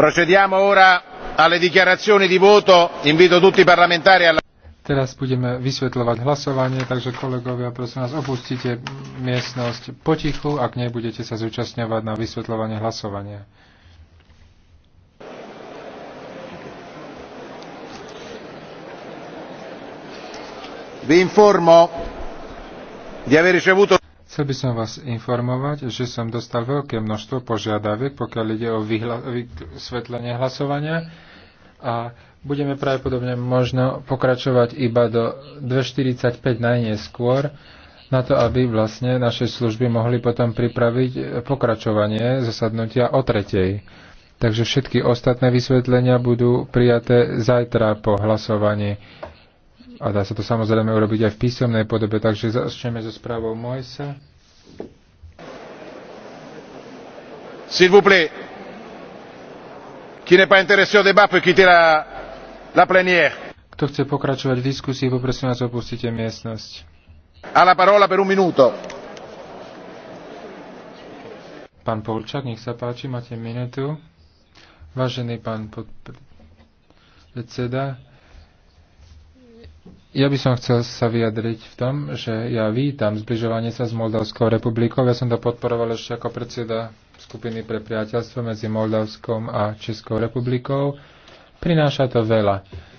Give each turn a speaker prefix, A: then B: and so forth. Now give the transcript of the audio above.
A: procediamo ora alle dichiarazioni di voto invito tutti i parlamentari
B: alla Teraz budeme vysvetľovať hlasovanie, takže kolegovia, prosím vás, opustite miestnosť potichu, ak nebudete sa zúčastňovať na vysvetľovanie hlasovania.
A: Vi informo
B: di aver ricevuto Chcel by som vás informovať, že som dostal veľké množstvo požiadaviek, pokiaľ ide o vysvetlenie hlasovania a budeme pravdepodobne možno pokračovať iba do 2.45 najneskôr, na to, aby vlastne naše služby mohli potom pripraviť pokračovanie zasadnutia o tretej. Takže všetky ostatné vysvetlenia budú prijaté zajtra po hlasovaní. A dá sa to samozrejme urobiť aj v písomnej podobe, takže začneme so správou Mojsa. S'il vous plaît,
A: qui n'est pas intéressé au débat peut quitter la, la plénière.
B: Kto chce pokračovať v diskusii, poprosím vás, opustite miestnosť.
A: A la parola per un minuto.
B: Pán Polčák, nech sa páči, máte minútu. Vážený pán podpredseda, ja by som chcel sa vyjadriť v tom, že ja vítam zbližovanie sa s Moldavskou republikou. Ja som to podporoval ešte ako predseda skupiny pre priateľstvo medzi Moldavskom a Českou republikou. Prináša to veľa